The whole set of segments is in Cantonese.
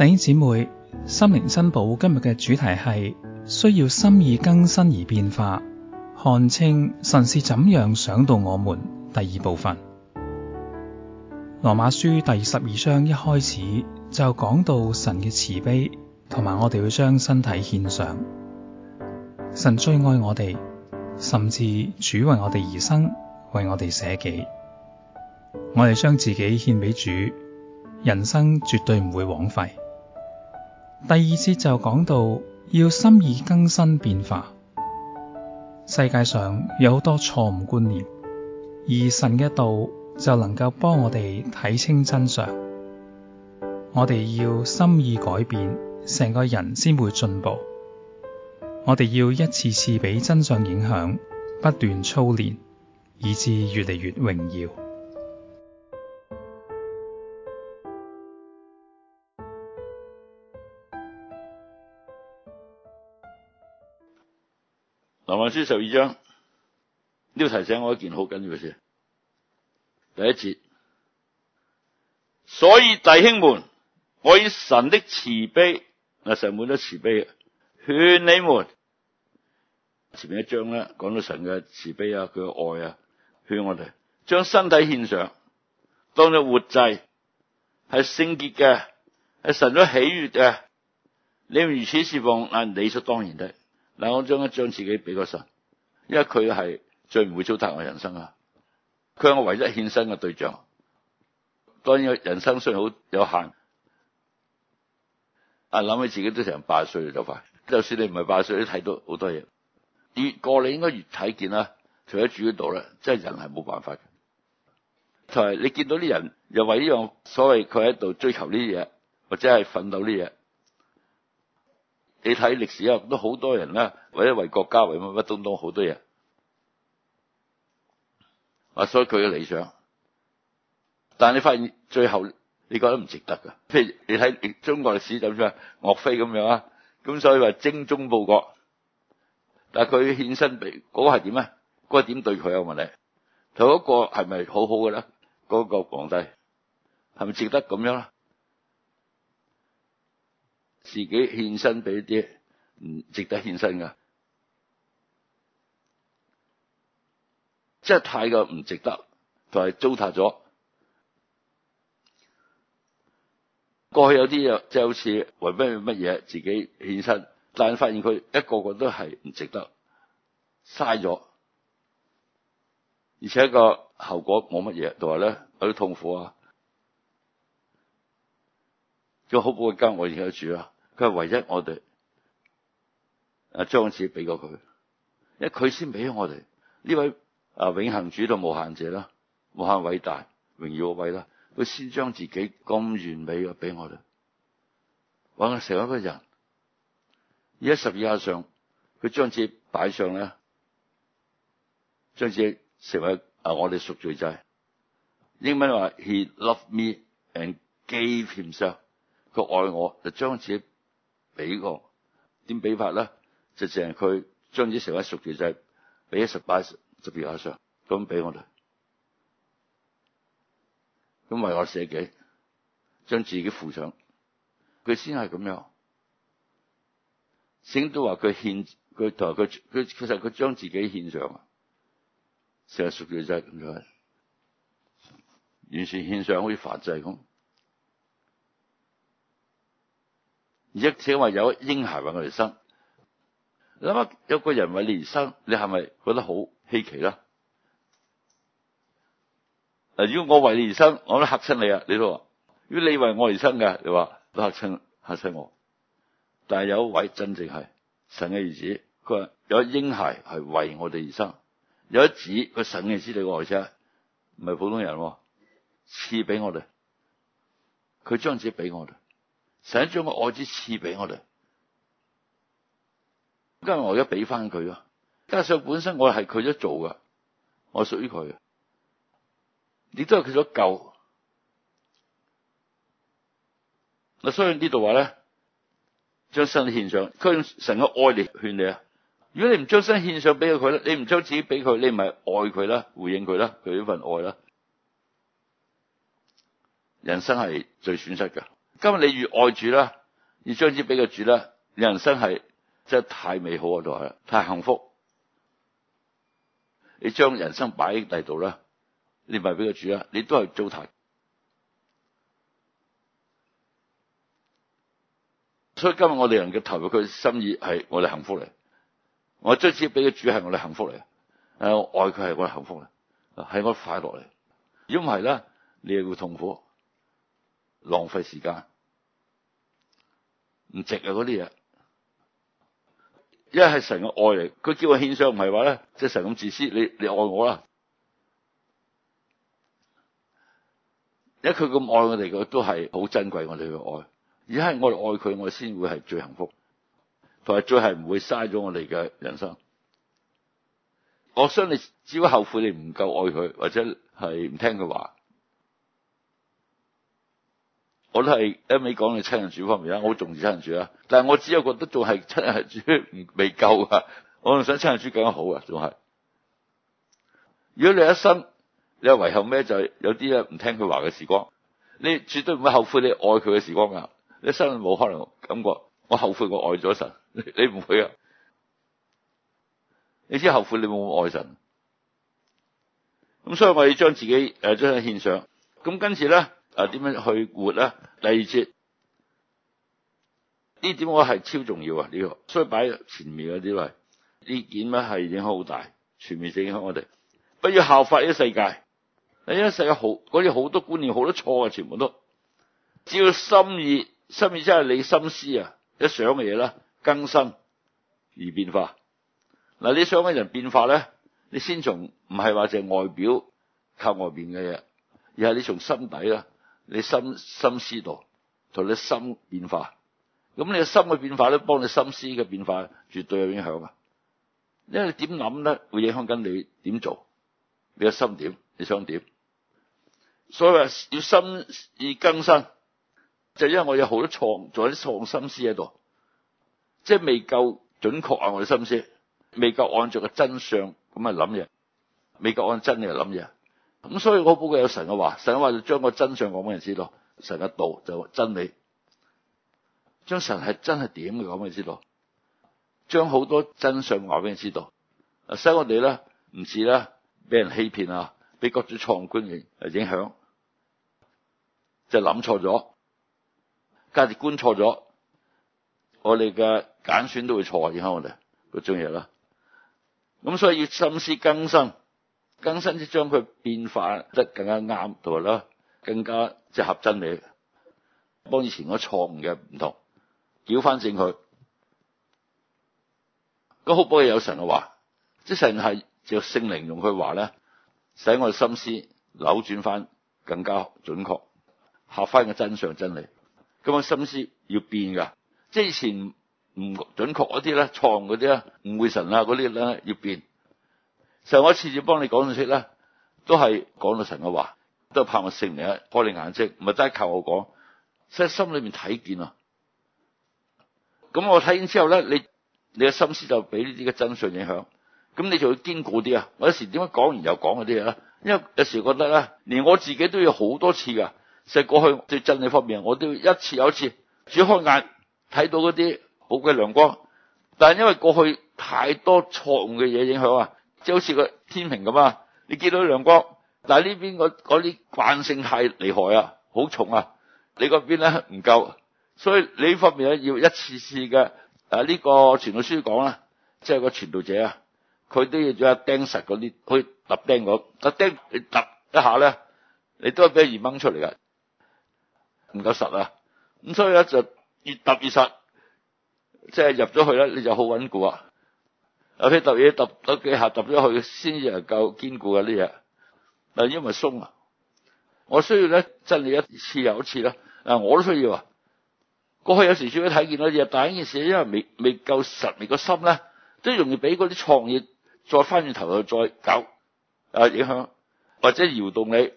弟兄姊妹，心靈珍寶今日嘅主題係需要心意更新而變化，看清神是怎樣想到我們。第二部分，羅馬書第十二章一開始就講到神嘅慈悲，同埋我哋要將身體獻上。神最愛我哋，甚至主為我哋而生，為我哋捨己。我哋將自己獻俾主，人生絕對唔會枉費。第二節就講到要心意更新變化，世界上有好多錯誤觀念，而神嘅道就能夠幫我哋睇清真相。我哋要心意改變，成個人先會進步。我哋要一次次俾真相影響，不斷操練，以至越嚟越榮耀。《羅馬書》十二章，呢個提醒我一件好緊要嘅事。第一節，所以弟兄們，我以神的慈悲，啊、神滿多慈悲勸你們。前面一章咧講到神嘅慈悲啊，佢嘅愛啊，勸我哋將身體獻上，當作活祭，係聖潔嘅，係神所喜悦嘅。你們如此侍奉，嗱理所當然的。但我將一將自己俾個神，因為佢係最唔會糟蹋我人生啊！佢係我唯一獻身嘅對象。當然，人生雖然好有限，啊諗起自己都成八十歲就快。就算你唔係八十歲，都睇到好多嘢。越過你應該越睇見啦。除喺主嗰度咧，即係人係冇辦法的。嘅。同埋你見到啲人又為呢樣所謂佢喺度追求呢嘢，或者係奮鬥呢嘢。你睇歷史啊，都好多人啦，為一為國家為乜乜東東好多嘢啊，所以佢嘅理想。但你發現最後你覺得唔值得㗎。譬如你睇中國歷史點樣，岳飛咁樣啊，咁所以話精忠報國。但佢獻身俾嗰個係點呀？嗰個點對佢有問題？佢嗰個係咪好好嘅呢？嗰個皇帝係咪值得咁樣咧？自己獻身俾啲唔值得獻身噶，即係太過唔值得同埋糟蹋咗。過去有啲嘢，即係好似為咩乜嘢自己獻身，但係發現佢一個個都係唔值得，嘥咗，而且個後果冇乜嘢，同埋咧有啲痛苦啊！佢好寶貴交，我哋而家住啊。佢係唯一我哋啊，將自己俾過佢，因為佢先俾我哋呢位啊永恒主同無限者啦，無限偉大榮耀嘅位啦，佢先將自己咁完美嘅俾我哋，揾成一個人。而喺十字架上，佢將自己擺上咧，將自己成為啊我哋贖罪祭。英文話：He loved me and gave himself。佢愛我就將自己俾我，點俾法咧？就正係佢將自己成為贖罪祭，俾十八十十二阿常咁俾我哋。咁為我捨己，將自己付上，佢先係咁樣。聖都話佢獻，佢同佢佢其實佢將自己獻上啊，成為贖罪祭咁樣，完全獻上好似活祭咁。而且話有嬰孩為我而生，諗下有個人為你而生，你係咪覺得好稀奇啦？嗱，如果我為你而生，我都吓親你啊！你都話，如果你為我而生嘅，你話都吓親吓親我。但係有一位真正係神嘅兒子，佢話有嬰孩係為我哋而生，有一子，佢神嘅子你而且唔係普通人，賜俾我哋，佢將子俾我哋。神將個愛之賜俾我哋，今日我而家俾翻佢咯。加上本身我係佢咗做噶，我屬於佢，亦都係佢所救。嗱，所以呢度話咧，將身獻上，佢用神嘅愛嚟勸你啊！如果你唔將身獻上俾佢咧，你唔將自己俾佢，你咪愛佢啦，回應佢啦，佢呢份愛啦，人生係最損失噶。.今日你越愛主啦，要將之俾佢主啦，你人生係真係太美好啊！都係，太幸福。你將人生擺喺第度啦，你唔係俾佢主啦，你都係糟蹋。所以今日我哋人嘅投入佢心意係我哋幸福嚟，我將之俾佢主係我哋幸福嚟，誒，愛佢係我哋幸福嚟，係我哋快樂嚟。如果唔係咧，你係會痛苦，浪費時間。唔值啊！嗰啲嘢，一係神嘅愛嚟，佢叫我獻上，唔係話咧，即係神咁自私，你你愛我啦。一佢咁愛我哋，嘅，都係好珍貴我哋嘅愛，而係我哋愛佢，我哋先會係最幸福，同埋最係唔會嘥咗我哋嘅人生。我相信，只不後悔你唔夠愛佢，或者係唔聽佢話。我都係一味講你親人主方面啦，我好重視親人主啦。但係我只有覺得仲係親人主唔未夠啊。我仲想親人主更加好啊。仲係如果你一生你又遺憾咩，就係有啲嘢唔聽佢話嘅時光，你絕對唔會後悔你愛佢嘅時光噶。你一生冇可能感覺我後悔我愛咗神，你唔會啊。你先後悔你冇愛神，咁所以我要將自己誒將身獻上。咁跟住咧。啊！點樣去活咧？第二節呢點我係超重要啊！呢、這個所以擺前面嗰啲都係意見咧，係影響好大，全面性影響我哋。不要效法呢個世界，呢個世界好嗰啲好多觀念好多錯啊！全部都只要心意，心意即係你心思啊，一想嘅嘢啦，更新而變化。嗱，你想嘅人變化咧，你先從唔係話淨係外表靠外邊嘅嘢，而係你從心底啦你心心思度，同你心變化，咁你嘅心嘅變化咧，幫你心思嘅變化絕對有影響啊！因為你點諗咧，會影響緊你點做。你嘅心點，你想點？所以話要心意更新，就因為我有好多創，仲有啲創心思喺度，即係未夠準確啊！我嘅心思未夠按照個真相咁啊諗嘢，未夠按真理諗嘢。咁所以我寶貴有神嘅話，神話就將個真相講俾人知道，神嘅道就真理，將神係真係點嘅講俾人知道，將好多真相話俾人知道，使我哋咧唔似咧俾人欺騙啊，俾各種錯觀嘅影響，就係諗錯咗，價值觀錯咗，我哋嘅揀選都會錯，影響我哋，那個終意啦。咁所以要心意更新。更新即將佢變化得更加啱，同埋啦更加即係合真理，幫以前嗰錯誤嘅唔同，糾翻正佢。咁好，不過有神嘅話，即係神係就聖靈用佢話咧，使我心思扭轉翻更加準確，合翻個真相真理。咁我心思要變噶，即係以前唔準確嗰啲咧，錯誤嗰啲咧，誤會神啊嗰啲咧，要變。成日我一次次幫你講信息咧，都係講到神嘅話，都係盼望聖靈開你眼睛，唔係齋靠我講，實在心裏面睇見啊。咁我睇見之後咧，你你嘅心思就俾呢啲嘅真相影響，咁你就會堅固啲啊。我有時點解講完又講嗰啲嘢咧？因為有時覺得咧，連我自己都要好多次噶。即係過去對真理方面，我都要一次有一次，舉開眼睇到嗰啲好嘅亮光，但係因為過去太多錯誤嘅嘢影響啊。即係好似個天平咁啊！你見到亮光，但係呢邊個嗰啲慣性太厲害啊，好重啊！你嗰邊咧唔夠，所以你呢方面咧要一次次嘅啊！呢個傳道書講啦，即係個傳道者啊，佢都要做釘實嗰啲，去揼釘嗰，揼釘你揼一下咧，你都係俾佢移掹出嚟㗎，唔夠實啊！咁所以咧就越揼越實，即係入咗去咧，你就好穩固啊！有啲揼嘢揼多幾下揼咗去先至係夠堅固嘅呢嘢，嗱因為鬆啊，我需要咧真你一次又一次啦，嗱我都需要啊。過去有時主要睇見到嘢，但係呢件事因為未未夠實力，你個心咧都容易俾嗰啲創意再翻轉頭去再搞啊影響，或者搖動你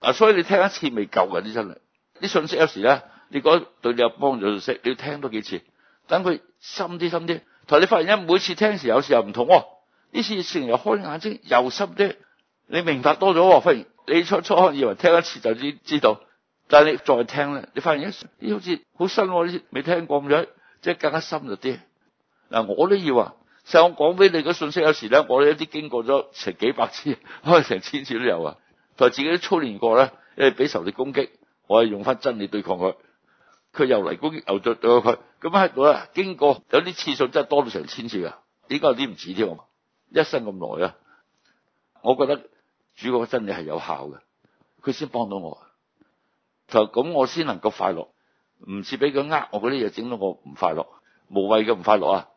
啊，所以你聽一次未夠嘅啲真嘅，啲信息有時咧你覺得對你有幫助就息，你要聽多幾次，等佢深啲深啲。同你發現一每次聽時有時候唔同、哦，呢次成日又開眼睛又深啲，你明白多咗、哦。發現你初初以為聽一次就知知道，但係你再聽咧，你發現一，咦好似好新呢、哦，未聽過咁樣，即係更加深入啲。嗱我都要啊，就我講俾你嘅信息有時咧，我一啲經過咗成幾百次，可能成千次都有啊。同自己都操練過咧，因為俾仇敵攻擊，我係用翻真理對抗佢。佢又嚟工，又再咗。佢咁喺度咧。經過有啲次數真係多到成千次嘅，點解有啲唔似添啊？一生咁耐啊，我覺得主嘅真理係有效嘅，佢先幫到我，就咁我先能夠快樂。唔似俾佢呃我嗰啲嘢，整到我唔快樂，無謂嘅唔快樂已啊！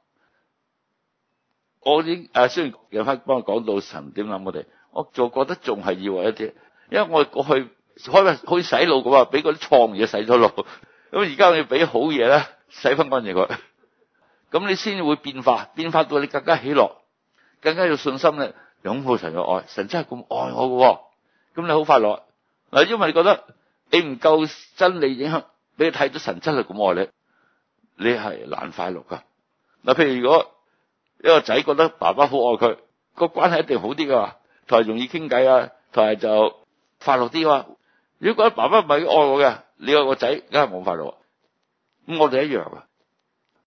我啲誒雖然有翻幫我講到神點諗我哋，我就覺得仲係以為一啲，因為我過去可能洗腦咁啊，俾嗰啲錯嘢洗咗腦。咁而家我要俾好嘢咧，洗翻乾淨佢，咁你先至會變化，變化到你更加喜樂，更加有信心咧，擁抱神嘅愛，神真係咁愛我喎。咁你好快樂嗱，因為你覺得你唔夠真理影響，你睇到神真係咁愛你，你係難快樂噶嗱。譬如如果一個仔覺得爸爸好愛佢，個關係一定好啲噶，同埋容易傾偈啊，同埋就快樂啲啊，如果覺得爸爸唔係愛我嘅。你有個仔，梗係冇法咯。咁我哋一樣啊。